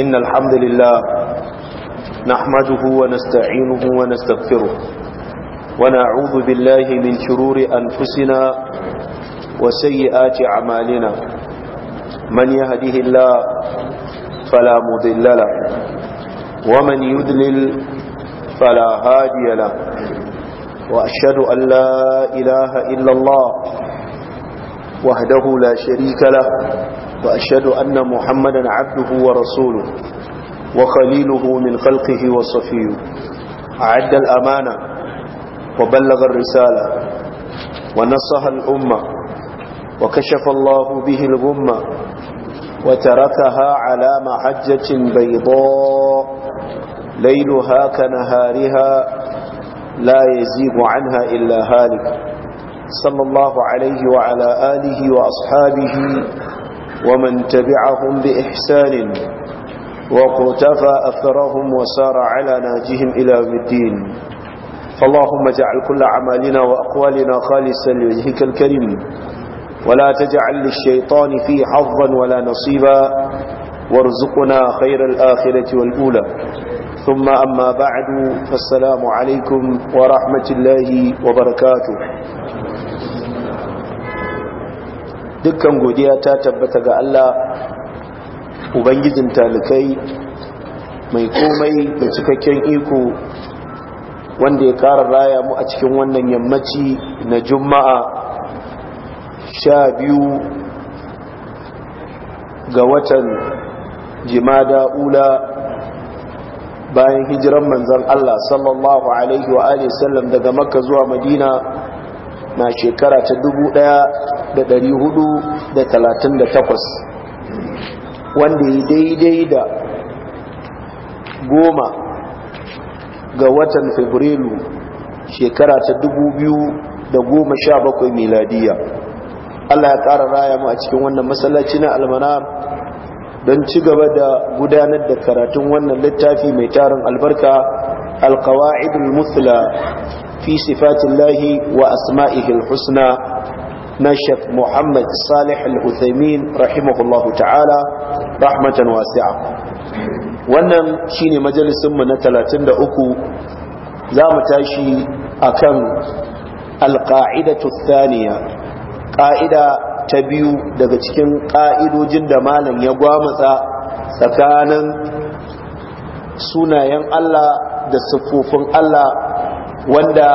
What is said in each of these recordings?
إن الحمد لله نحمده ونستعينه ونستغفره ونعوذ بالله من شرور أنفسنا وسيئات أعمالنا من يهده الله فلا مضل له ومن يدلل فلا هادي له وأشهد أن لا إله إلا الله وحده لا شريك له وأشهد أن محمدا عبده ورسوله وخليله من خلقه وصفيه أعد الأمانة وبلغ الرسالة ونصها الأمة وكشف الله به الغمة وتركها على محجة بيضاء ليلها كنهارها لا يزيغ عنها إلا هالك صلى الله عليه وعلى آله وأصحابه ومن تبعهم بإحسان وقتفى أثرهم وسار على ناجهم إلى الدين فاللهم اجعل كل عمالنا وأقوالنا خالصا لوجهك الكريم ولا تجعل للشيطان فيه حظا ولا نصيبا وارزقنا خير الآخرة والأولى ثم أما بعد فالسلام عليكم ورحمة الله وبركاته dukkan godiya ta tabbata ga Allah ubangijin talikai mai komai da cikakken iko wanda ya kara raya mu a cikin wannan yammaci na juma'a sha biyu ga watan jimada ula bayan hijiran manzan Allah sallallahu alaihi wa sallam daga makka zuwa madina na shekara ta dubu da da da hudu talatin takwas wanda ya daidai da goma ga watan fabrilu shekara ta da sha 2017 miladiya Allah ya ƙara raya mu a cikin wannan masallaci na almana don ci gaba da gudanar da karatun wannan littafi mai tarin albarka alkawa'idul musula في صفات الله وأسمائه الحسنى نشف محمد صالح العثيمين رحمه الله تعالى رحمة واسعة wannan shine majalisinmu na 33 za mu tashi a kan alqa'idatu thaniya ƙa'ida ta biyu daga cikin ƙa'idojin da malam ya gwamutsa tsakanin sunayen Allah da siffofin Allah wanda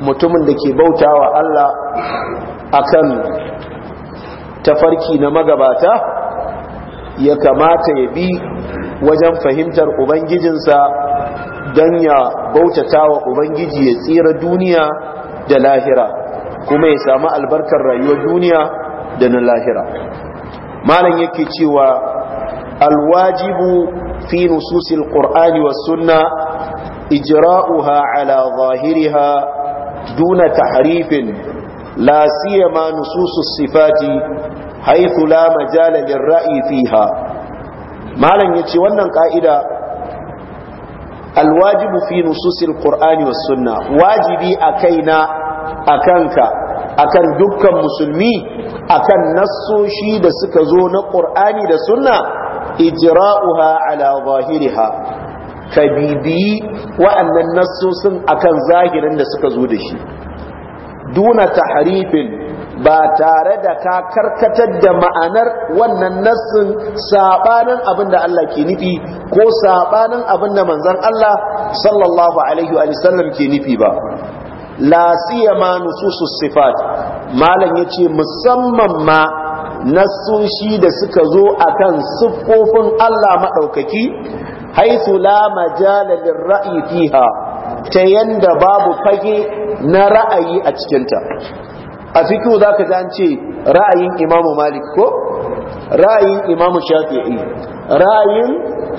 mutumin da ke bauta wa Allah akan tafarki na magabata ya kamata ya bi wajen fahimtar ubangijinsa don ya bautata wa ubangiji ya tsira duniya da lahira kuma ya samu albarkar rayuwar duniya da na lahira malam yake cewa alwajibu fi nususil qur'ani was sunna إجراؤها على ظاهرها دون تحريف لا سيما نصوص الصفات حيث لا مجال للرأي فيها مالا يتشونا قائدا الواجب في نصوص القرآن والسنة واجبي أكينا أكنك akan dukkan musulmi akan nassoshi da suka zo na ƙur'ani da sunna ijra'uha ala zahiriha ka bibiyi wa'annan nassosin akan zahirin da suka zo da shi duna tahrifin ba tare da ka karkatar da ma'anar wannan nassin sabanin abin da Allah ke nufi ko sabanin abin da manzan Allah sallallahu alaihi wa sallam ke nufi ba la siyama nususus sifat malam yace musamman ma shi da suka zo akan siffofin Allah maɗaukaki. haisu la majala fiha ta yanda babu fage na ra'ayi a cikinta a fito zaka ka ra'ayin imamu malik ko ra'ayin imamu shafi'i ra'ayin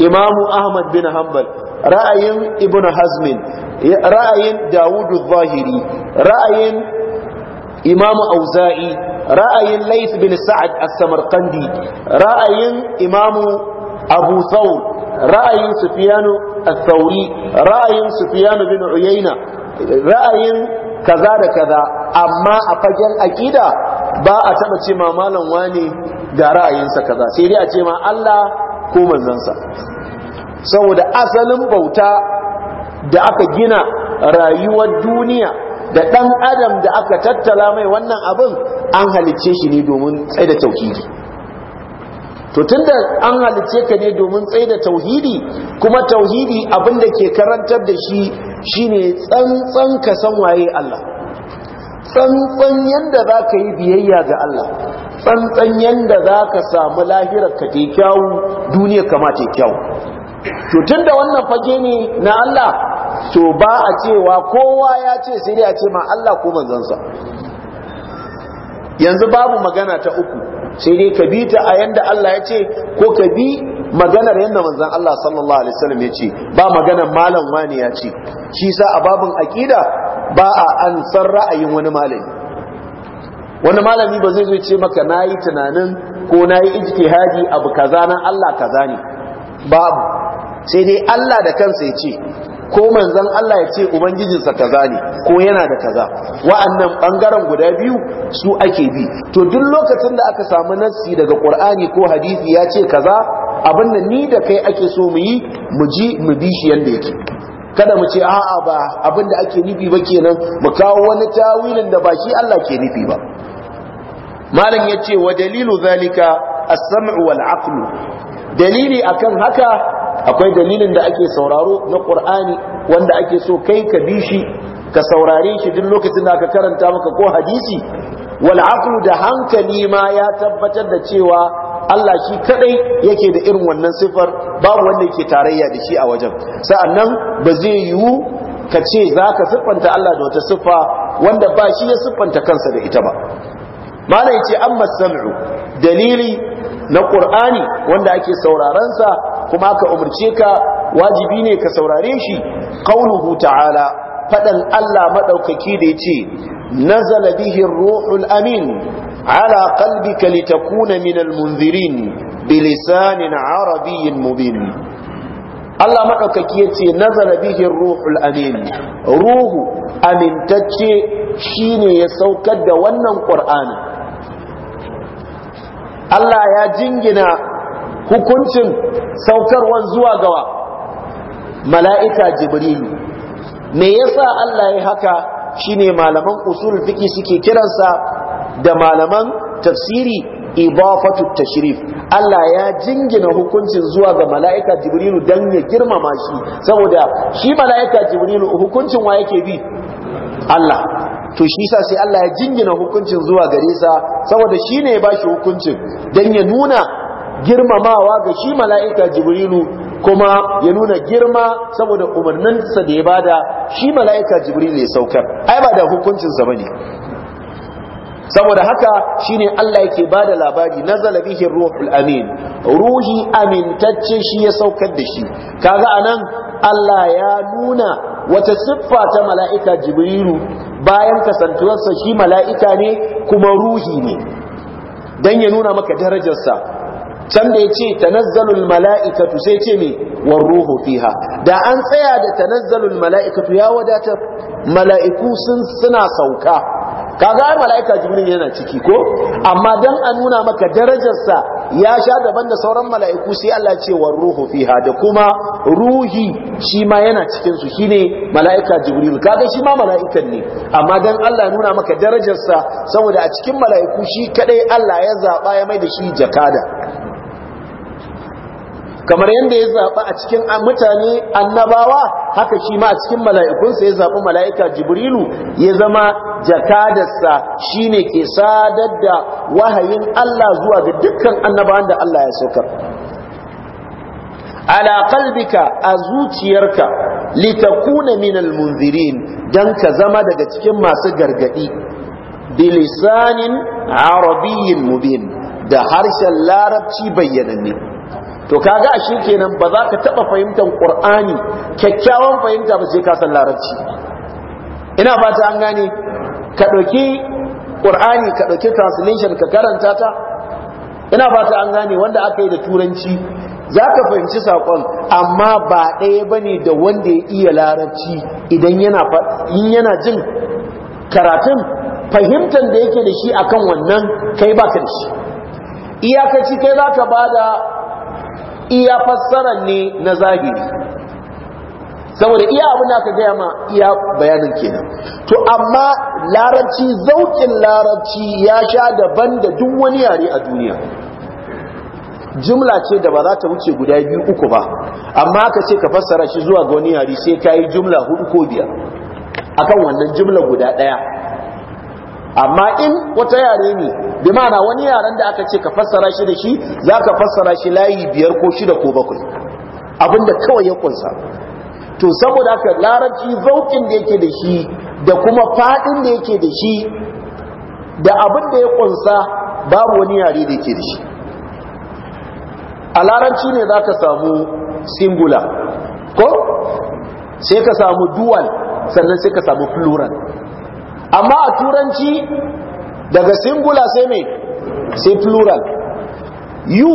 imamu ahmad bin hanbal ra'ayin ibn hazmin ra'ayin Dawudu zahiri ra'ayin imamu auza'i ra'ayin Laif bin sa'ad as-samarqandi ra'ayin imamu Abusau thawr ra'ayin sufyanu ath-thawri ra'ayin sufyanu bin uyayna ra'ayin kaza da kaza amma a fagen akida ba a taɓa ce ma malam wane ga ra'ayinsa kaza sai dai a ce ma Allah ko manzansa saboda asalin bauta da aka gina rayuwar duniya da ɗan adam da aka tattala mai wannan abin an halicce shi ne domin tsaye da tauhidi to tunda an halice ka ne domin tsaida tauhidi kuma tauhidi abin da ke karantar da shi shine tsantsan ka san waye Allah tsantsan yanda za ka yi biyayya ga Allah tsantsan yanda za ka samu lahirar ka te kyawu duniya kama te kyawu to tunda wannan fage ne na Allah to ba a cewa kowa ya ce sai dai a ce ma Allah ko manzansa yanzu babu magana ta uku sai dai ka bi ta a yadda Allah ya ce ko ka bi maganar yadda manzan Allah sallallahu alaihi wasallam ya ce ba maganar malam wani ya ce shi sa a babin aqida ba a an ra'ayin wani malami wani malami ba zai zo ce maka nayi tunanin ko nayi ijtihadi abu kaza na Allah kaza ne babu sai dai Allah da kansa ya ce ko manzon Allah ya ce ubangijinsa kaza ne ko yana da kaza wa'annan bangaren guda biyu su ake bi to duk lokacin da aka samu nassi daga Qur'ani ko hadisi ya ce kaza abin da ni da kai ake so mu yi mu ji mu bi shi yanda yake kada mu ce a'a ba abin da ake nufi ba kenan mu kawo wani tawilin da ba shi Allah ke nufi ba malam ce wa dalilu zalika as-sam'u wal aqlu dalili akan haka akwai dalilin da ake sauraro na qur'ani wanda ake so kai ka bi shi ka saurare shi duk lokacin da aka karanta maka ko hadisi wal aqlu da hankali ma ya tabbatar da cewa Allah shi kadai yake da irin wannan sifar babu wanda yake tarayya da shi a wajen sa'annan ba zai yiwu ka ce za ka siffanta Allah da wata siffa wanda ba shi ya siffanta kansa da ita ba malai ce amma sam'u dalili na Qur'ani wanda ake sauraron sa kuma aka umurce ka wajibi ne ka saurare shi qauluhu ta'ala fadan Allah maɗaukaki da yace nazala bihi ruhul amin ala qalbika litakuna minal munzirin bilisanin arabiyyin mubin Allah maɗaukaki ya ce nazara bihin ruhul amin ruhu amintacce shine ya saukar da wannan ƙur'ani Allah ya jingina hukuncin saukarwan zuwa gawa mala'ika jibrilu me yasa Allah ya haka shine malaman usul fiki suke kiransa da malaman tafsiri ibafatu tashrif Allah ya jingina hukuncin zuwa ga mala'ika Jibrilu dan ya girmama shi saboda shi mala'ika Jibrilu hukuncin wa yake bi Allah to shi sa sai Allah ya jingina hukuncin zuwa gare sa saboda shi ne ya ba shi hukuncin don ya nuna girmamawa ga shi mala'ika jibrilu kuma ya nuna girma saboda umarninsa da ya bada shi mala'ika jibrilu ya saukar ai ba da hukuncinsa ba ne saboda haka shine Allah yake bada labari nazala bihi ruhul amin ruhi amintacce shi ya saukar da shi kaga anan Allah ya nuna wata siffa ta mala'ika jibrilu bayan kasantuwarsa shi mala'ika ne kuma ruhi ne don ya nuna maka darajarsa can da ya ce tanazzalul mala'ikatu sai ce me war ruhu fiha da an tsaya da tanazzalul mala'ikatu ya wadatar mala'iku suna sauka kaga ai mala'ika jibril yana ciki ko amma dan a nuna maka darajarsa ya sha daban da sauran mala'iku sai Allah ce wa ruhu fiha da kuma ruhi shi ma yana cikin su shine mala'ika jibril kaga shi ma mala'ikan ne amma dan Allah nuna maka darajarsa saboda a cikin mala'iku shi kadai Allah ya zaba ya mai da shi jakada kamar yadda ya zaɓa a cikin mutane annabawa haka shi ma a cikin mala'ikunsa ya zaɓi mala'ika jibrilu ya zama jakadarsa shi ne ke sadar da wahayin Allah zuwa ga dukkan annabawan da Allah ya saukar ala kalbika a zuciyarka litakuna minal munzirin don ka zama daga cikin masu gargadi bilisanin arabiyyin mubin da harshen larabci bayyananne to kaga ashe kenan ba za ka taba fahimtar qur'ani kyakkyawan fahimta ba sai ka san larabci ina fata an gane ka dauki qur'ani ka dauki translation ka karanta ta ina fata an gane wanda aka yi da turanci za ka fahimci sakon amma ba ɗaya bane da wanda ya iya larabci idan yana jin karatun fahimtar da yake da shi akan wannan kai ba ka da shi iyakaci kai za ka ba da iya fassarar ne na zahiri saboda iya abin da aka gaya ma iya bayanin kenan to amma larabci zaukin larabci ya sha daban da duk wani yare a duniya jumla ce da ba za ta wuce guda biyu uku ba amma aka ce ka fassara shi zuwa ga wani yare sai ka yi jumla hudu ko biyar akan wannan jumla guda daya amma in wata yare ne bi ma'ana wani yaran da aka ce ka fassara shi da shi za ka fassara shi layi biyar ko shida ko bakwai abinda kawai ya kunsa to saboda haka larabci zaukin da yake da shi da kuma fadin da yake da shi da abin da ya kunsa babu wani yare da yake da shi a larabci ne za ka samu singular ko sai ka samu dual sannan sai ka samu plural amma a turanci daga singular sai mai sai plural you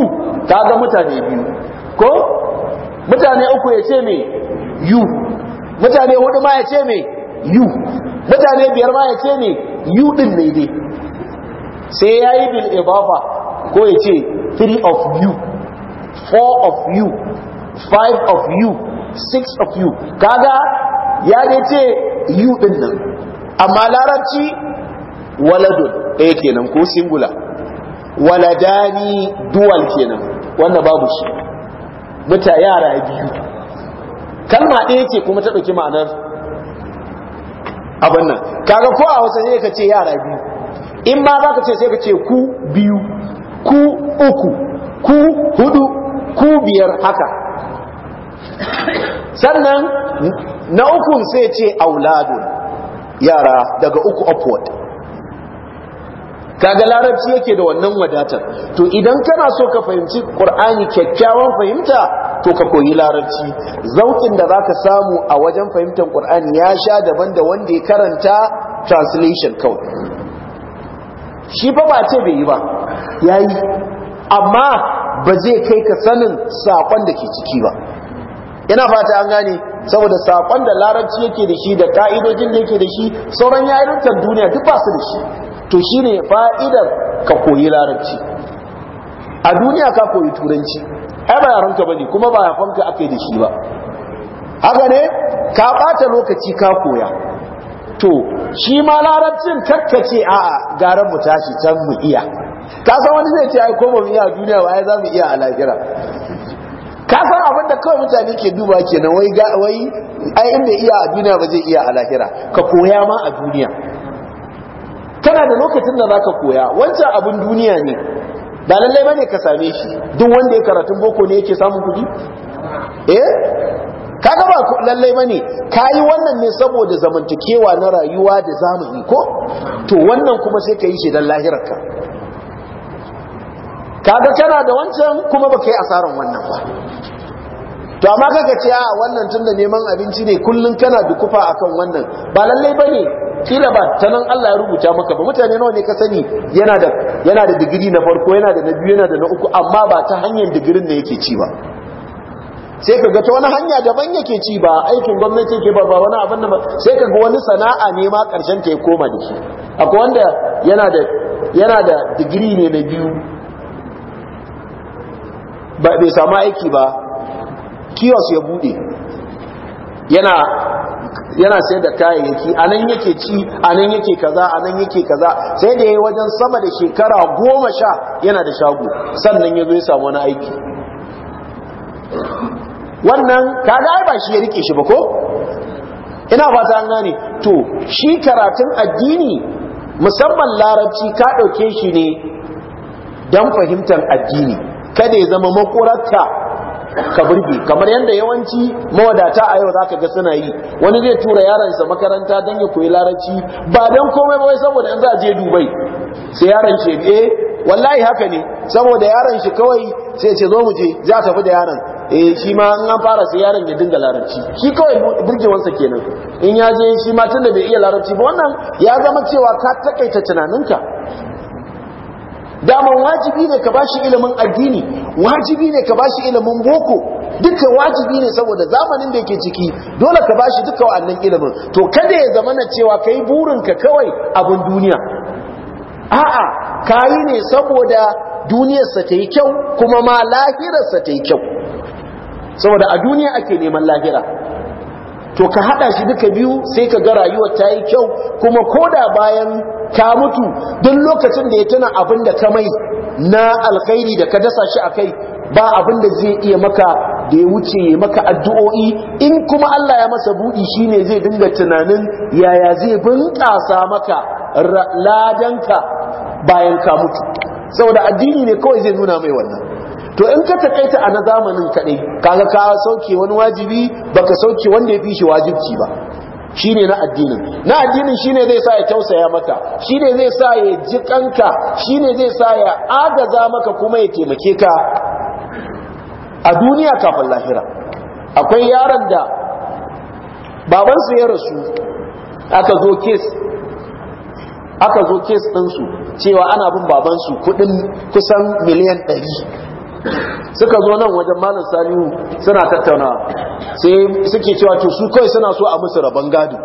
ta ga mutane biyu ko mutane uku ya ce mai you mutane hudu ma ya ce mai you mutane biyar ma ya ce mai you din ne dai sai ya yi bil ibafa ko ya ce three of you four of you five of you six of you kaga ya ne ce you din nan amma larabci waladun ɗaya kenan ko singula dani dual kenan wanda babu shi muta yara biyu kalma ɗaya ce kuma ta ɗauki ma'anar abin nan kaga ko a wasa ne ka ce yara biyu in ma za ka ce sai ka ce ku biyu ku uku ku hudu ku biyar haka sannan na ukun sai ce auladun yara daga uku upward kaga larabci yake da wannan wadatar to idan kana so ka fahimci qur'ani kyakkyawan fahimta to ka koyi larabci zaukin da zaka samu a wajen fahimtar qur'ani ya sha daban da wanda ya karanta translation kawai shi fa ba ce bai yi ba yayi amma ba zai kai ka sanin sakon da ke ciki ba ina fata an gane saboda sakon da larabci yake da shi da ka'idojin da yake da shi sauran yayin duniya duk ba su da shi to shine fa'idar ka koyi larabci a duniya ka koyi turanci ai ba yaranka bane kuma ba aka akai da shi ba haka ne ka bata lokaci ka koya to shi ma larabcin kakkace a'a garan mu tashi can mu iya ka san wani zai ce ai ko mu iya duniya ba ai za mu iya a lahira ka san abin da kawai mutane ke duba kenan wai wai ai inda iya a duniya ba zai iya a lahira ka koya ma a duniya kana da lokacin da zaka koya wancan abin duniya ne ba lallai bane ka same shi duk wanda ya karatun boko ne yake samun kuɗi eh kaga ba lallai bane kayi wannan ne saboda zamantakewa na rayuwa da zamani ko to wannan kuma sai ka yi shi dan lahirarka kaga kana da wancan kuma baka yi asaran wannan ba to amma kaga ce a wannan tunda neman abinci ne kullun kana dukufa akan wannan ba lallai bane kila ba ta nan Allah ya rubuta maka ba mutane nawa ne ka sani yana da digiri na farko yana da na biyu yana da na uku amma ba ta hanyar digirin ne yake ci ba sai ka ga ta wani hanya daban yake ci ba aikin gwamnati yake ba ba wani abin da sai ka ga wani sana'a ne ma karshen ta ya koma da shi akwai wanda yana da yana da digiri ne na biyu ba bai samu aiki ba kiyos ya bude yana yana sai da kayayyaki a nan yake ci a nan yake kaza a nan yake kaza sai da ya wajen sama da shekara goma sha yana da shago sannan ya zo ya samu wani aiki wannan kaga ai ba shi ya rike shi ba ko ina fata an gane to shi karatun addini musamman larabci ka ɗauke shi ne don fahimtar addini kada ya zama makurarka ka burge kamar yadda yawanci mawadata a yau za ka ga suna yi wani zai tura yaransa makaranta don ya koyi larabci ba don komai ba wai saboda in za a je dubai sai yaron ce eh wallahi haka ne saboda yaron shi kawai sai ce zo mu je za tafi da yaron E, shi ma an an fara sai yaron ya dinga larabci shi kawai burgewansa kenan in ya je shi ma tunda bai iya larabci ba wannan ya zama cewa ka takaita tunaninka daman wajibi ne ka ba shi ilimin addini wajibi ne ka ba shi ilimin boko duka wajibi ne saboda zamanin da yake ciki dole ka ba shi duka wa'annan ilimin to kada ya zama na cewa kai ka kawai abin duniya a'a kayi ne saboda duniyarsa ta yi kyau kuma ma lahirarsa ta yi kyau saboda a duniya ake neman lahira to ka haɗa shi duka biyu sai ka ga rayuwar ta yi kyau kuma koda bayan ta mutu duk lokacin da ya tuna abin da ka mai na alkhairi da ka dasa shi a kai ba abin da zai iya maka da ya wuce ya maka addu'o'i in kuma Allah ya masa buɗi shi ne zai dinga tunanin yaya zai bunƙasa maka ladanka bayan ka mutu saboda addini ne kawai zai nuna mai wannan to in ka takaita a na zamanin kaɗai kaga ka sauke wani wajibi baka sauke wanda ya fi shi wajibci ba Shi ne na addinin na addinin ne zai sa ya tausaya maka ne zai sa ya ji kanka ne zai sa ya agaza maka kuma ya taimake ka a duniya kafin lahira akwai yaron da babansu ya rasu aka zo kes aka zo kes ɗinsu cewa ana bin babansu kuɗin kusan miliyan ɗari suka zo nan wajen malam salihu suna tattauna sai suke cewa to su kai suna so a musu rabon gado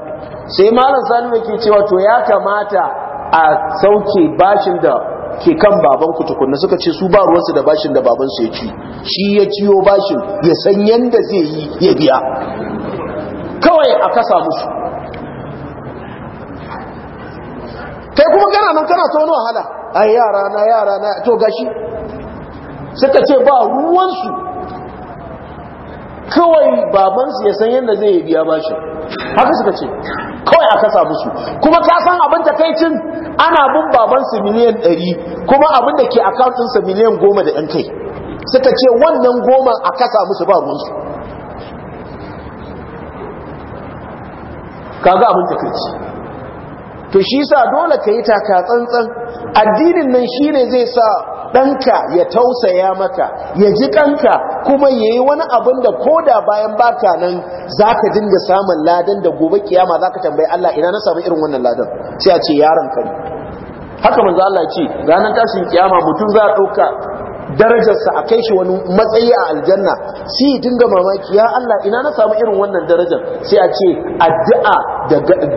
sai malam salihu yake cewa to ya kamata a sauke bashin da ke kan baban ku tukunna suka ce su ba ruwansu da bashin da baban su ya ci shi ya ciyo bashin ya san yanda zai yi ya biya kawai a kasa musu kai kuma kana nan kana ta wani wahala ai yara na yara na to gashi suka ce ba ruwansu kawai babansu ya san yadda zai biya bashi haka suka ce kawai aka samu su kuma ka san abin takaicin ana bin babansu miliyan 100 kuma abin da ke akawuntinsa miliyan 10 da ɗan kai suka ce wannan goma a kasa musu ba ruwansu kaga abin takaici to shi sa dole ka yi taka tsantsan addinin nan shi ne zai sa ɗanka ya tausaya maka ya ji ƙanka kuma ya yi wani abin da ko da bayan baka nan za ka dinga samun ladan da gobe kiyama za ka tambayi Allah ina na samu irin wannan ladan sai a ce yaron kari haka manzo Allah ce ranar tashin kiyama mutum za a ɗauka darajarsa a kai shi wani matsayi a aljanna si dinga mamaki ya Allah ina na samu irin wannan darajar sai a ce addu'a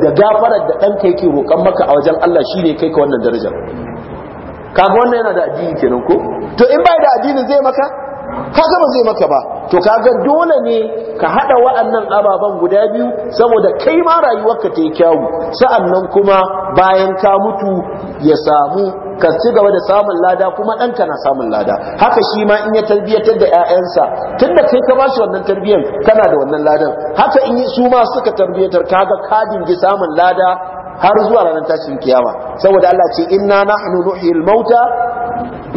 da gafarar da ɗanka yake roƙon maka a wajen Allah shi shine kai ka wannan darajar kaga wannan yana da addini kenan ko to in bai da addini zai maka kaga ba zai maka ba to kaga dole ne ka hada wa'annan ababan guda biyu saboda kai ma rayuwarka ta yi kyawu sa'annan kuma bayan ka mutu ya samu ka ci gaba da samun lada kuma ɗan na samun lada haka shi ma in ya tarbiyyatar da 'ya'yansa tunda kai ka bashi wannan tarbiyyar kana da wannan ladan haka in su ma suka tarbiyyatar kaga ka dingi samun lada har zuwa ranar tashin kiyama saboda Allah ce inna nahnu nuhyil mauta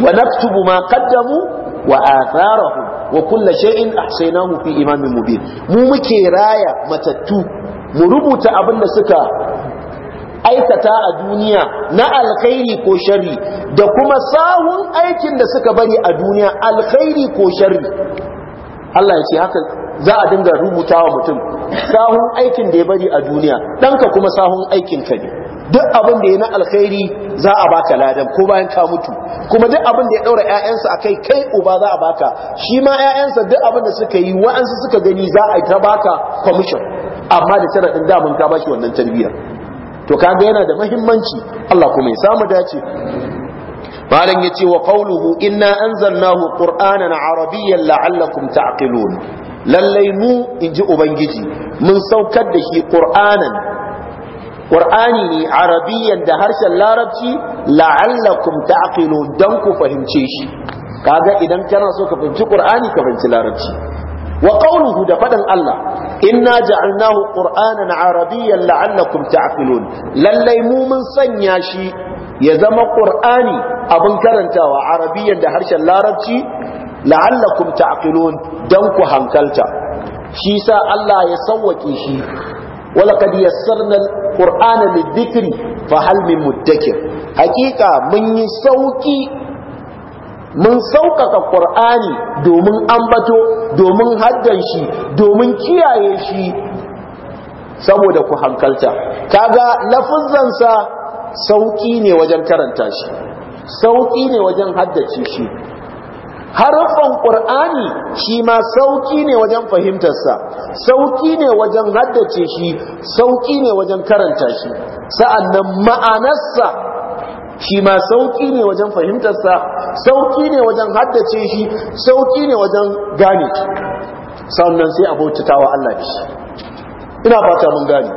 wa naktubu ma qaddamu wa atharahum wa kullu shay'in ahsaynahu fi imamin mubin mu muke raya matattu mu rubuta abin da suka aikata a duniya na alkhairi ko sharri da kuma sahun aikin da suka bari a duniya alkhairi ko sharri Allah ya ce haka za a dinga rubuta wa mutum sahun aikin da ya bari a duniya ɗanka kuma sahun aikin ka ne duk abin da ya na alkhairi za a baka ladan ko bayan ka mutu kuma duk abin da ya ɗaura 'ya'yansa a kai kai uba za a baka shi ma 'ya'yansa duk abin da suka yi wa'ansu suka gani za a ta baka kwamishin amma da ɗin damun ka bashi wannan tarbiyyar to kaga yana da mahimmanci, Allah kuma ya samu dace malam ce wa qawluhu inna anzalnahu qur'anan arabiyyan la'allakum ta'qilun lallai mu inji ubangiji mun saukar da shi qur'anan Qur'ani ne arabiyyan da harshen larabci la'allakum ta'qilun dan ku fahimce shi kaga idan kana so ka fahimci Qur'ani ka fahimci larabci wa qawluhu da fadan Allah inna ja'alnahu qur'anan arabiyyan la'allakum ta'qilun lallai mu mun sanya shi ya zama qur'ani abin karantawa arabiyyan da harshen larabci la'allakum ta'qilun dan ku hankalta shi sa Allah ya sawwake shi ولقد يسرنا fa للذكر فهل من مدكر mun yi sauki. mun sauƙaƙa ƙur'ani domin ambato domin haddan shi domin kiyaye shi saboda ku hankalta kaga lafuzansa sauƙi ne wajen karanta shi sauƙi ne wajen haddace shi harafan ƙur'ani shi ma sauƙi ne wajen fahimtarsa sauƙi ne wajen haddace shi sauƙi ne wajen karanta shi sa'annan ma'anarsa shi ma sauki ne wajen fahimtarsa sauki ne wajen haddace shi sauki ne wajen gane shi sannan sai a bautata wa Allah shi ina fata mun gane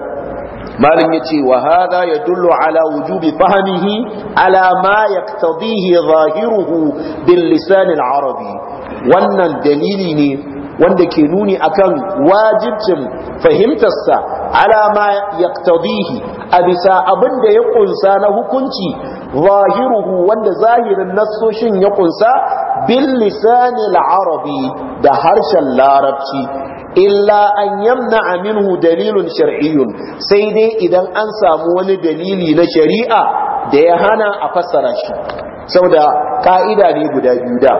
malin ya ce wa hada ya dullu ala wujubi fahimihi ala ma yaqtadihi zahiruhu bil lisan al arabi wannan dalili ne wanda ke nuni akan wajibcin fahimtarsa ala ma yaqtadihi a bisa abin da ya kunsa na hukunci zahiruhu wanda zahirin nassoshin ya kunsa bil lisani al-arabi da harshen larabci illa an yamna minhu dalilun shar'iyyun sai dai idan an samu wani dalili na shari'a da ya hana a fassara shi da ka'ida ne guda biyu da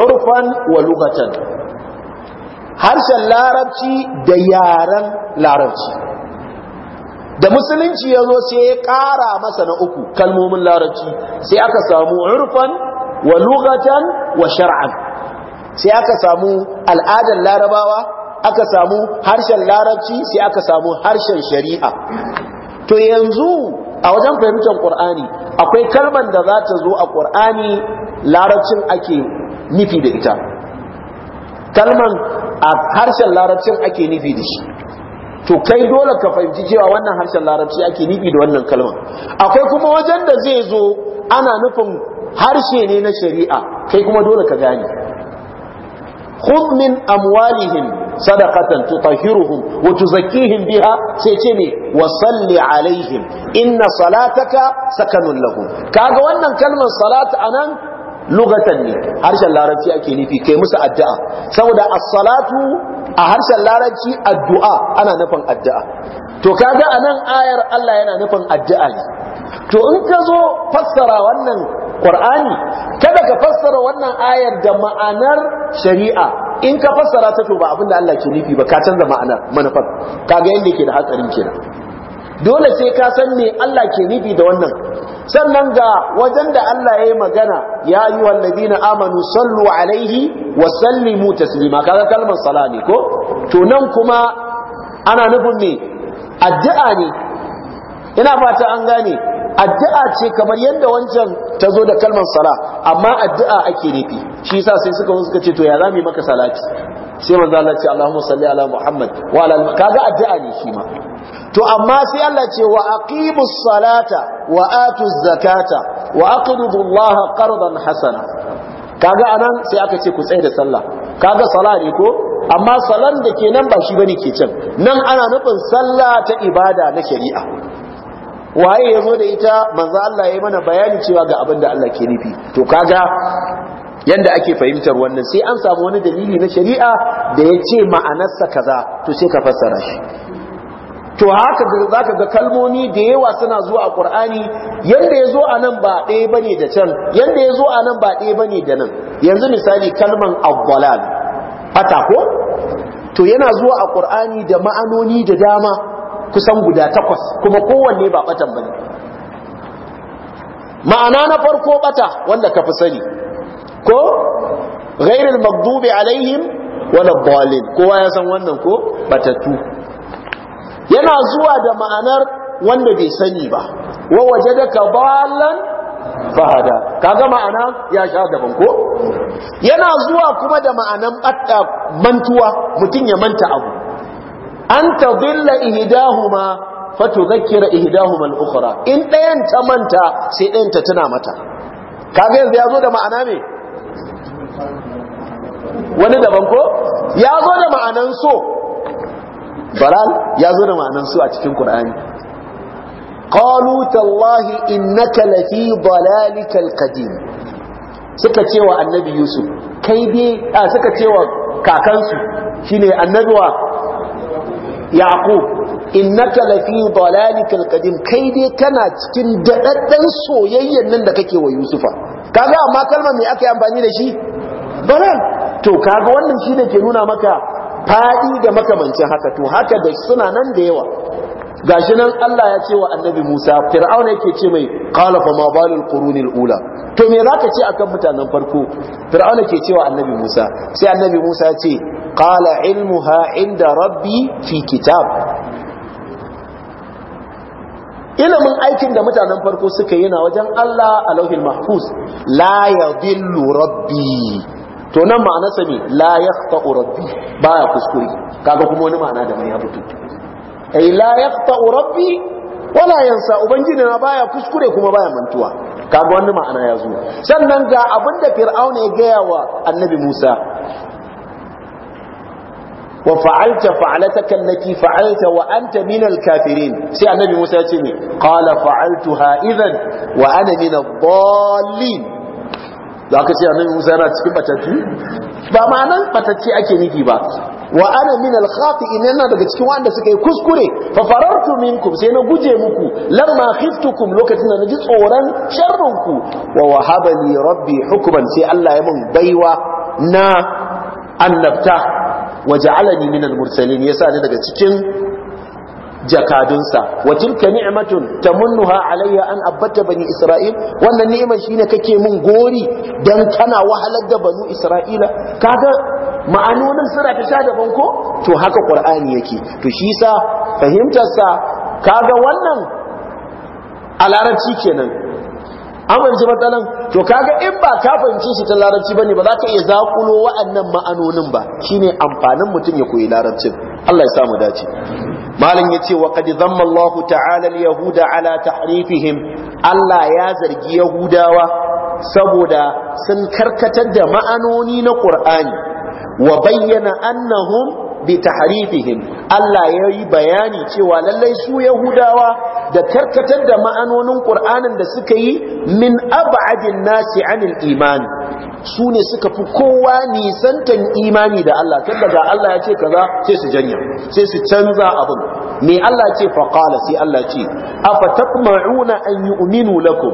urfan wa harshen larabci da yaren larabci da musulunci ya zo sai ya ƙara masa na uku kalmomin larabci sai aka samu urfan wa lugatan wa shar'an sai aka samu al'adar larabawa aka samu harshen larabci sai aka samu harshen shari'a to yanzu a wajen fahimtar ƙur'ani akwai kalman da za ta zo a ƙur'ani larabcin ake nufi da ita kalman a harshen larabcin ake nufi da shi to kai dole ka fahimci cewa wannan harshen larabci ake nufi da wannan kalma akwai kuma wajen da zai zo ana nufin harshe ne na shari'a kai kuma dole ka gane khudh min amwalihim sadaqatan tutahhiruhum wa tuzakkihim biha sai ce ne wa salli alaihim inna salataka sakanun lahum kaga wannan kalmar salat anan lugatan ne harshen larabci ake nufi kai musu addu'a saboda as-salatu a harshen larabci addu'a ana nufin addu'a to kaga anan ayar Allah yana nufin addu'a ne to in ka zo fassara wannan Qur'ani kada ka fassara wannan ayar da ma'anar shari'a in ka fassara ta to ba abinda Allah ke nufi ba ka canza ma'anar manufar kaga yanda yake da hatsarin kenan dole sai ka san me Allah ke nufi da wannan sannan ga wajen da Allah ya yi magana ya yi wa amanu sallu alaihi wa sallimu taslima kaga kalmar sala ne ko to nan kuma ana nufin me addu'a ne ina fata an gane addu'a ce kamar yadda wancan ta zo da kalmar sala amma addu'a ake nufi shi yasa sai suka zo suka ce to ya zamu maka salati sai manzo Allah ce Allahumma salli ala Muhammad wa ala kaga addu'a ne shi ma to amma sai Allah ce wa aqimus salata wa atuz zakata wa aqridu Allah qardan hasana kaga anan sai aka ce ku tsaya da sallah kaga sala ne ko amma salan da ke nan ba shi bane ke can nan ana nufin sallah ta ibada na shari'a waye yazo da ita manzo Allah yayi mana bayani cewa ga abin da Allah ke nufi to kaga yanda ake fahimtar wannan sai an samu wani dalili na shari'a da ya ce ma'anarsa kaza to sai ka fassara shi to haka za ka ga kalmomi da yawa suna zuwa a ƙur'ani yanda ya zo a nan ba ɗaya ba ne da can yanda ya zo a nan ba ɗaya ba ne da nan yanzu misali kalman abbalal hata ko to yana zuwa a ƙur'ani da ma'anoni da dama kusan guda takwas kuma kowanne ba ɓatan ba ne ma'ana na farko ɓata wanda ka fi sani ko ghairil maghdubi alaihim wala dhalin kowa ya san wannan ko batatu yana zuwa da ma'anar wanda bai sani ba wa wajadaka ballan fahada kaga ma'ana ya sha daban ko yana zuwa kuma da ma'anan mantuwa mutum ya manta abu an tadilla ihdahuma fatudhakkira ihdahuma al-ukhra in ɗayan ta manta sai dayan ta tuna mata kaga yanzu zo da ma'ana me wani daban ko ya zo da ma'anan so Baral ya zo da ma'anan so a cikin Kur'ani. qalu tallahi na kalafi balalikal qadim suka cewa annabi yusuf kai dai a suka cewa kakansu shine annabiwa yaqub na kalafi balalikal qadim kai dai kana cikin daɗaɗɗen soyayyen nan da kake wa yusufa kaga amma kalmar me aka yi amfani da shi barar to kaga wannan shine ke nuna maka fadi da makamancin haka to haka da suna nan da yawa gashi nan Allah ya ce wa annabi Musa fir'auna yake ce mai qala fa ma balul qurunil ula to me zaka ce akan mutanen farko fir'auna ke cewa annabi Musa sai annabi Musa ya ce qala ilmuha inda rabbi fi kitab ilimin aikin da mutanen farko suka yi na wajen Allah a lauhin mahfuz la yadillu rabbi to nan ma'anansa ne la ta'u rabbi ya kuskure kaga kuma wani ma'ana da mai ya ai la ta'u rabbi wala yansa ubangiji na baya kuskure kuma baya mantuwa kaga wani ma'ana ya zo sannan ga abinda fir'auna ya gaya wa annabi Musa wa fa'alta fa'alataka allati fa'alta wa anta min al-kafirin sai annabi Musa ya ce ne qala fa'altuha idhan wa ana min ad-dallin za ka ce annabi musa yana cikin batattu ba ma'anan batacce ake nufi ba wa ana min al-khati'in yana daga cikin wanda suka yi kuskure fa farartu minkum sai na guje muku lamma khiftukum lokacin da naji tsoron sharrin ku wa wahabani rabbi hukman sai Allah ya mun baiwa na annabta waje min minan mursalin yasa ni daga cikin jakadunsa wa tilka ni'matun tamunnuha alayya an abbata bani isra'il wannan ni'imar shine kake mun gori dan kana wahalar da banu isra'ila kaga ma'anonin suna ta sha daban ko to haka qur'ani yake to shi sa fahimtarsa kaga wannan a larabci kenan amince matsalan to kaga in ba ka fahimci shi ta larabci bane ba za ka iya zakulo wa'annan ma'anonin ba shine amfanin mutum ya koyi larabcin Allah ya mu dace malam yace wa qad dhamma Allah ta'ala al-yahuda ala tahrifihim Allah ya zargi yahudawa saboda sun karkatar da ma'anoni na Qur'ani wa bayyana annahum bi tahrifihim Allah ya yi bayani cewa lallai su yahudawa da karkatar da ma'anonin Qur'anin da suka yi min ab'adin nasi anil iman su ne suka fi kowa nisantan imani da Allah tun daga Allah ya ce kaza sai su janya sai su canza abin me Allah ce faqala sai Allah ce afatatma'una an yu'minu lakum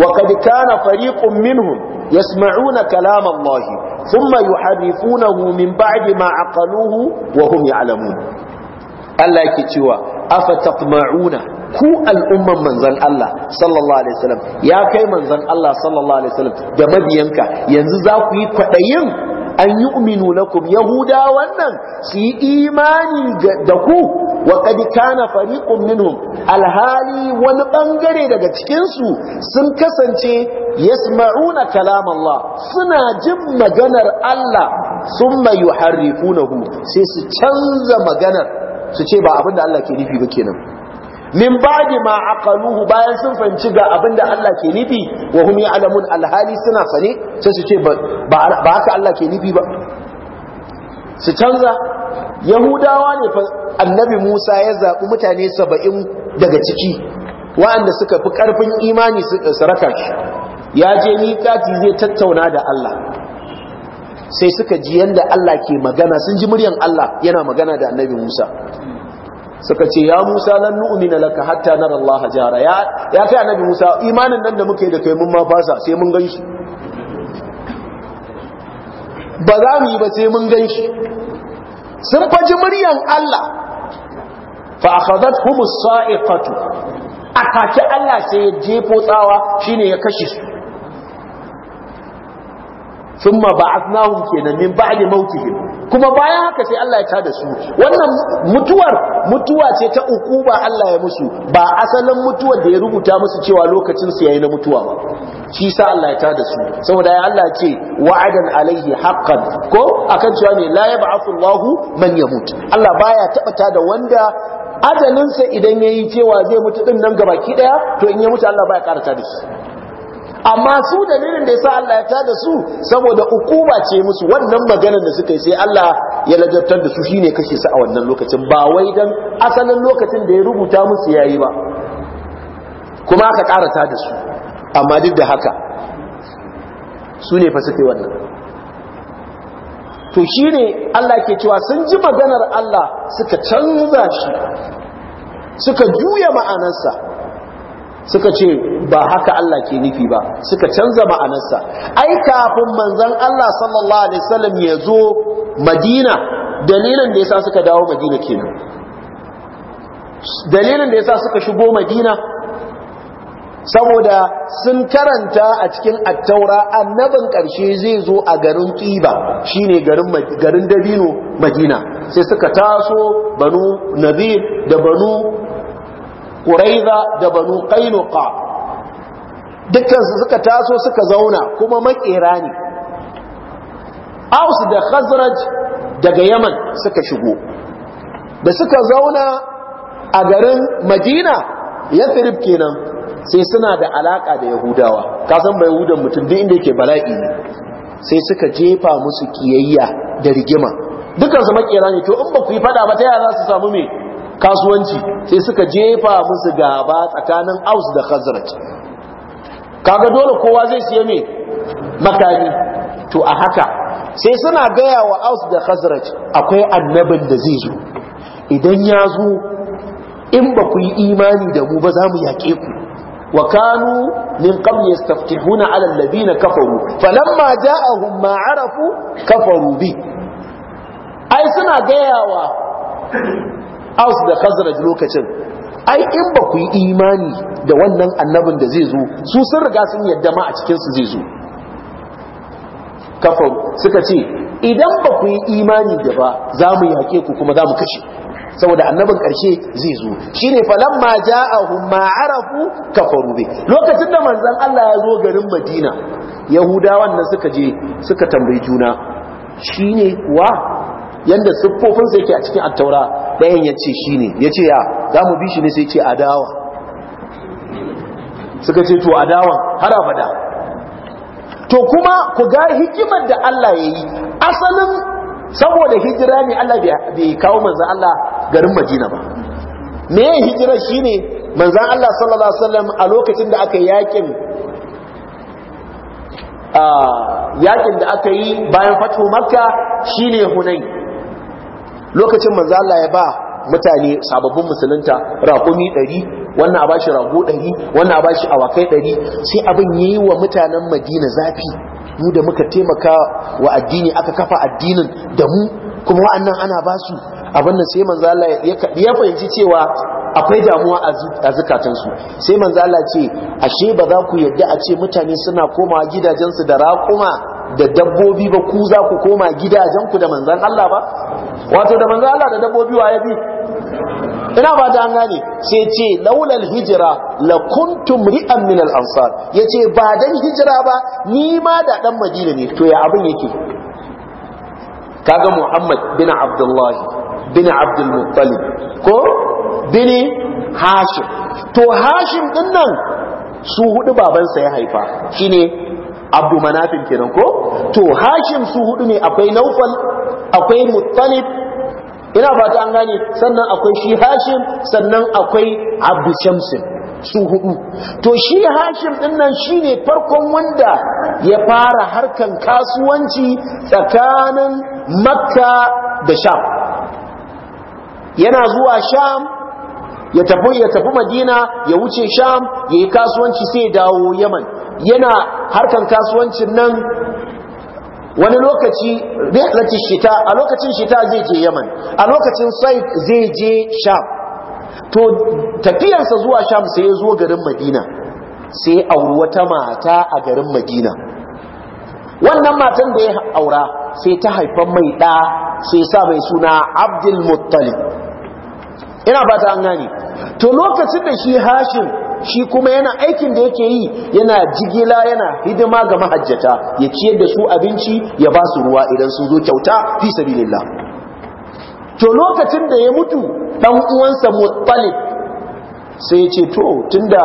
wa qad kana fariqun minhum yasma'una kalama Allah thumma yuharrifunahu min ba'di ma aqaluhu wa hum ya'lamun Allah yake cewa afatatma'una ku al'umman Manzan Allah sallallahu alaihi wasallam ya kai manzon Allah sallallahu alaihi wasallam da mabiyanka yanzu za ku yi kwaɗayin an yi uminu lakum yahuda wannan su yi imani da ku wa qad kana fariqun minhum alhali wani bangare daga cikinsu sun kasance yasma'una kalam Allah suna jin maganar Allah summa yuharrifunahu sai su canza maganar su ce ba abinda Allah ke nufi ba kenan min ba'di ma aqaluhu bayan sun fanci ga abinda Allah ke nufi wa hum ya'lamun alhali suna sane sai su ce ba haka Allah ke nufi ba su canza yahudawa ne fa annabi Musa ya zaɓi mutane saba'in daga ciki waɗanda suka fi ƙarfin imani su raka shi ya je ni kati zai tattauna da Allah sai suka ji yanda Allah ke magana sun ji muryan Allah yana magana da annabi Musa suka ce ya Musa lan nu'mina laka hatta nara Allah jara ya ya kai annabi Musa imanin nan da muke da kai mun ma fasa sai mun ganshi ba za mu yi ba sai mun ganshi sun faji muryan Allah fa akhadathum as-sa'iqatu kaki Allah sai ya jefo tsawa ne ya kashe su thumma ba'athnahum kenan min ba'di mautihim kuma bayan haka sai Allah ya da su wannan mutuwar mutuwa ce ta ukuba Allah ya musu ba asalin mutuwar da ya rubuta musu cewa lokacin su yayi na mutuwa ba shi sa Allah ya da su saboda ya Allah ce wa'adan alaihi haqqan ko akan cewa ne la yab'athu Allahu man yamut Allah baya taba da wanda adalinsa idan yayi cewa zai mutu din nan gabaki daya to in ya mutu Allah baya karata da shi amma su dalilin da yasa Allah ya da su saboda ukuba ce musu wannan maganar da suka yi sai Allah ya ladabtar da su shine kashe su a wannan lokacin ba wai dan asalin lokacin da ya rubuta musu yayi ba kuma aka karata da su amma duk da haka su ne fa suke wannan to shine Allah ke cewa sun ji maganar Allah suka canza shi suka juya ma'anarsa suka ce ba haka Allah ke nufi ba suka canza ma'anarsa ai kafin manzon Allah sallallahu alaihi wasallam ya zo Madina dalilin da yasa suka dawo Madina kenan dalilin da yasa suka shigo Madina saboda sun karanta a cikin attaura annabin ƙarshe zai zo a garin ƙiba shine garin dabino madina sai suka taso banu nabi da banu Kuraiza da banu dukkan su suka taso suka zauna kuma makera ne aus da khazraj daga yaman suka shigo da suka zauna a garin madina yathrib kenan sai suna da alaka da yahudawa kasan bai yahudan mutum duk inda yake bala'i ne sai suka jefa musu kiyayya da rigima su makera ne to in ba ku yi fada ba ta yaya za su samu me kasuwanci sai suka jefa musu gaba tsakanin aus da khazraj kaga dole kowa zai siya me makani, to a haka sai suna gaya wa aus da khazraj akwai annabin da zai zo idan ya zo in ba ku yi imani da mu ba za mu yaƙe ku wa kanu min qabl yastaftihuna ala alladhina kafaru falamma ja'ahum ma arafu kafaru bi ai suna gayawa aus da khazraj lokacin ai in ba ku yi imani da wannan annabin da zai zo su sun riga sun yadda ma a cikin su zai zo kafa suka ce idan ba ku yi imani da ba za mu yake ku kuma za mu kashe saboda annabin ƙarshe zai zo shi ne falamma ja'ahum ma arafu kafaru bi lokacin da manzon Allah ya zo garin Madina Yahudawan nan suka je suka tambayi juna shine kuwa yanda siffofinsa yake a cikin attaura ɗayan ya ce shi ne ya ce ya za mu bi shi ne sai ce adawa suka ce to adawa har abada to kuma ku ga hikimar da Allah ya yi asalin saboda hijira ne Allah bai kawo manzan Allah garin Madina ba me ya hijira shi ne manzan Allah sallallahu Alaihi wasallam a lokacin da aka yakin ah, yakin da aka yi bayan fatu makka ne hunai. lokacin manzo Allah ya ba mutane sababbin musulunta raƙumi ɗari wannan a bashi rago ɗari wannan a bashi awakai ɗari sai abin ya wa mutanen madina zafi mu da muka taimaka wa addini aka kafa addinin da mu kuma wa'annan ana basu abin nan sai manzo Allah ya fahimci cewa akwai damuwa a su. sai manzo Allah ce ashe ba za ku yadda a ce mutane suna komawa gidajensu da raƙuma da dabbobi ba ku za ku koma gidajenku da manzan Allah ba wato da manzan Allah da dabbobi wa ya bi ina ba da gane sai ce laulal hijira la kuntum ri'an min al ansar yace ba dan hijira ba ni ma da dan madina ne to ya abin yake kaga muhammad bin abdullahi bin abdul muttalib ko bin hashim to hashim din nan su hudu babansa ya haifa shine abdu manafin kenan ko to hashim su hudu ne akwai naufal akwai muttalib ina fata an gane sannan akwai shi hashim sannan akwai abu shamsin su hudu to shi hashim din nan shine farkon wanda ya fara harkan kasuwanci tsakanin makka da sham yana zuwa sham ya tafi madina ya wuce sham ya yi kasuwanci sai dawo yaman yana harkan kasuwancin nan wani lokaci rihlati shita a lokacin shita zai je yaman a lokacin sai zai je sham to tafiyarsa zuwa sham sai ya zo garin madina sai auri wata mata a garin madina wannan matan da ya aura sai ta haifan mai ɗa sai sa mai suna abdul muttalib ina ba ta an gane to lokacin da shi hashim shi kuma yana aikin da yake yi yana jigila yana hidima ga mahajjata ya ciyar da su abinci ya ba su ruwa idan sun zo kyauta fi sabilillah to lokacin da ya mutu dan uwansa muttalib sai ya ce to tunda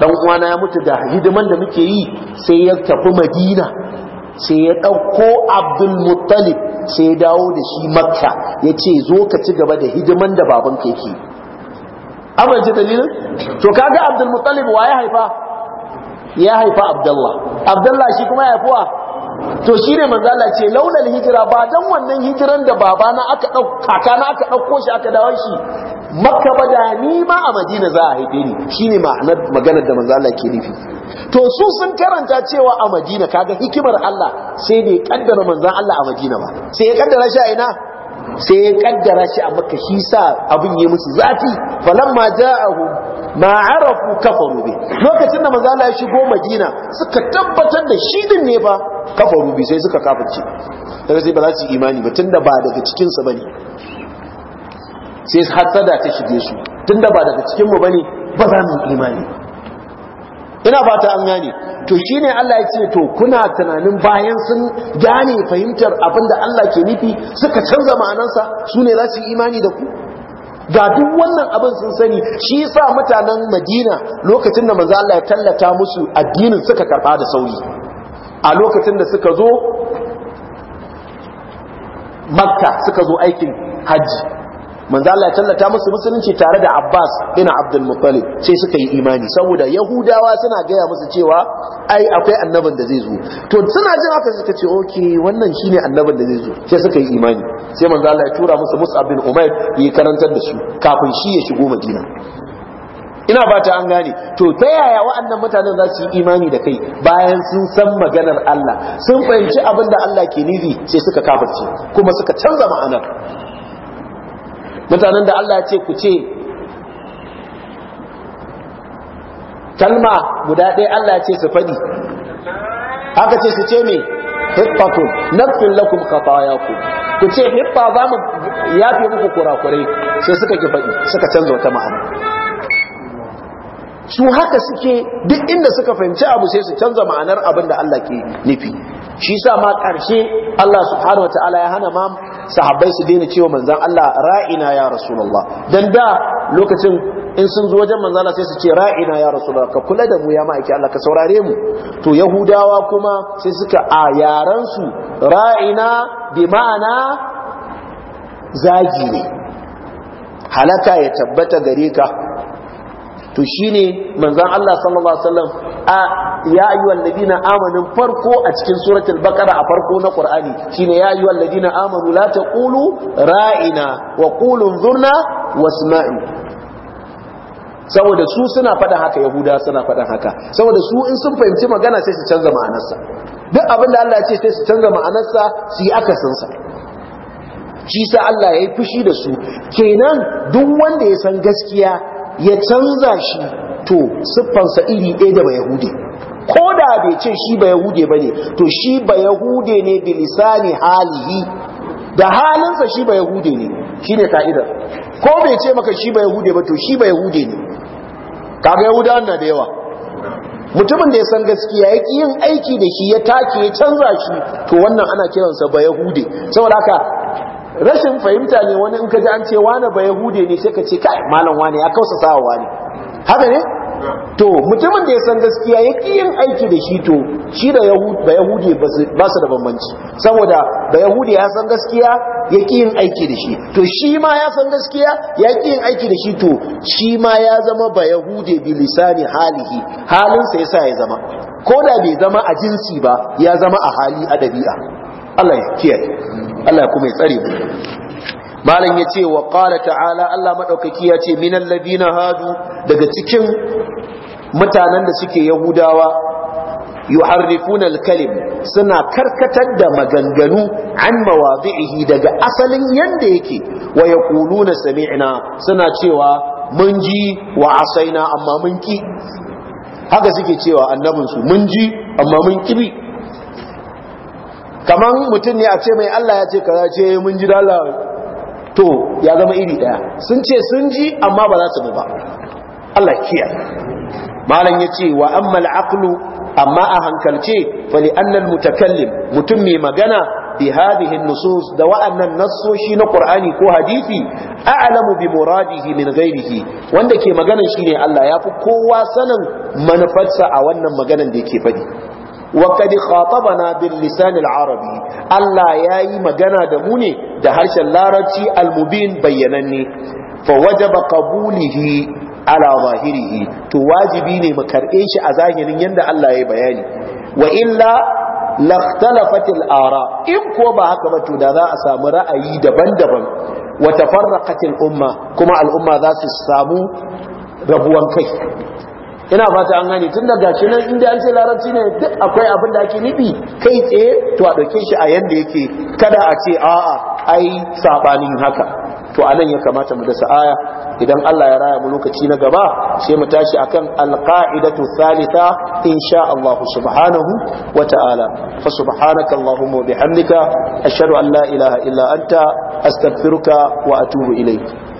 dan uwana ya mutu da hidiman da muke yi sai ya tafi madina sai ya ɗauko abdul muttalib sai ya dawo da shi makka ya ce zo ka ci gaba da hidiman da babanka yake amince dalilin to kaga abdul muttalib wa ya haifa ya haifa abdullah abdullah shi kuma ya haifuwa to shine manzo Allah ce laulal hijira ba dan wannan hijiran da babana aka kaka na aka dauko shi aka dawo shi makka ba da ni ma a madina za a haife ni shine ma'anar maganar da manzo Allah ke nufi to su sun karanta cewa a madina kaga hikimar Allah sai bai kaddara manzon Allah a madina ba sai ya kaddara shi a ina sai ya kaddara shi a maka shi sa abin yi musu zafi falamma ja'ahum ma arafu kafaru bi lokacin da maza Allah ya shigo Madina suka tabbatar da shi din ne ba kafaru bi sai suka kafirce daga sai ba za su imani ba tunda ba daga cikin su bane sai hasada ta shige su tunda ba daga cikin mu bane ba za mu imani ina fata an gane to shine Allah ya ce to kuna tunanin bayan sun gane fahimtar abin da Allah ke nufi suka canza ma'anarsa su ne za su yi imani da ku ga duk wannan abin sun sani shi sa mutanen Madina lokacin da manzo Allah ya tallata musu addinin suka karba da sauri a lokacin da suka zo Makka suka zo aikin hajji manzo Allah ya tallata musu musulunci tare da Abbas bin Abdul Muttalib sai suka yi imani saboda Yahudawa suna gaya musu cewa ai akwai annabin da zai zo to suna jin haka suka ce okay wannan shine annabin da zai zo sai suka yi imani sai manzo Allah ya tura musu Mus'ab bin Umayr ya karantar da su kafin shi ya shigo Madina ina ba ta an gane to ta yaya wa'annan mutanen za su yi imani da kai bayan sun san maganar Allah sun fahimci abin da Allah ke nufi sai suka kafirce kuma suka canza ma'anar mutanen da Allah ce ku ce kalma guda ɗaya Allah ce su fadi haka ce su ce me hibbatun nafsin lakum khatayakum ku ce hibba za mu yafe muku kurakurai sai suka ki faɗi suka canza wata ma'ana su haka suke duk inda suka fahimci abu sai su canza ma'anar abin da Allah ke nufi shi sa ma ƙarshe Allah subhanahu ta'ala ya hana ma sahabbai su daina cewa manzan Allah ra'ina ya rasulullah dan da lokacin in sun zo wajen Manzana sai su ce ra'ina ya rasulullah ka kula da mu ya ma'aiki Allah ka saurare mu to yahudawa kuma sai suka a yarensu ra'ina bi ma'ana zagi ne halaka ya tabbata gare ka to shine manzan Allah sallallahu a ya ayyuhal ladina amanin farko a cikin suratul bakara a farko na qur'ani shine ya wa ladina amanu la taqulu ra'ina wa qulu zurna wasma'u saboda su suna faɗin haka yahuda suna faɗin haka saboda su in sun fahimci magana sai su canza ma'anarsa duk abin da Allah ya ce sai su canza ma'anarsa su yi akasinsa shi sa Allah ya yi fushi da su kenan duk wanda ya san gaskiya ya canza shi to siffansa iri ɗaya da bayahude ko da bai ce shi bayahude ba ne to shi ba ne bilisani halihi da halinsa shi bayahude ne shi ne ka'idar ko bai ce maka shi bayahude ba to shi bayahude yahude ne kaga yahuda na da yawa mutumin da ya san gaskiya ya yin aiki da shi ya take ya canza shi to wannan ana kiransa ba yahude saboda haka rashin fahimta ne wani in ka ji an ce wani bayahude ne sai ka ce kai malam wani ya kausa sawa wani haka ne to mutumin da ya san gaskiya ya ƙi yin aiki da shi to shi da ba yahudi ba su da bambanci saboda ba yahudi ya san gaskiya ya ƙi yin aiki da shi to shi ma ya san gaskiya ya ƙi yin aiki da shi to shi ma ya zama ba yahudi bi lisani halihi halinsa ya sa ya zama ko da bai zama a jinsi ba ya zama a hali a ɗabi'a Allah ya kiyaye Allah ya kuma ya tsare mu malam ya ce wa ƙala ta'ala Allah maɗaukaki ya ce minan labina hadu daga cikin mutanen da suke yahudawa yuharrifuna al suna karkatar da maganganu an mawadi'ihi daga asalin yanda yake wa yaquluna sami'na suna cewa mun ji wa asaina amma mun ki haka suke cewa annabinsu mun ji amma mun kibi kaman mutum ne a ce mai Allah ya ce kaza ce eh, mun ji da Allah to ya zama iri daya sun ce sun ji amma ba za su bi ba Allah kiya malam ce, wa amma al amma a hankalce fali annal mutakallim mutum mai magana bi hadhihi nusus da wa'annan nassoshi na qur'ani ko hadisi a'lamu bi muradihi min ghairihi wanda ke maganan shine Allah ya fi kowa sanin manufarsa a wannan maganan da yake fadi wa qad khatabana bil lisan al arabi Allah yayi magana da mu ne da harshen larabci al mubin bayyananne fa ba qabulihi ala zahirihi to wajibi ne mu karbe shi a zahirin yadda Allah ya yayi bayani wa illa lakhtalafat al ara in ko ba haka ba to da za a samu ra'ayi daban-daban wa tafarraqat al umma kuma al'umma za su samu rabuwan kai ina fata an gane tun da gashi nan inda an ce larabci ne duk akwai abin da ake nufi kai tsaye to a ɗauke shi a yanda yake kada a ce a'a ai sabanin haka to anan ya kamata mu dasa aya idan Allah ya raya mu lokaci na gaba sai mu tashi akan alqa'idatu thalitha insha Allah subhanahu wa ta'ala fa subhanaka allahumma wa bihamdika ashhadu an la ilaha illa anta astaghfiruka wa atubu ilayk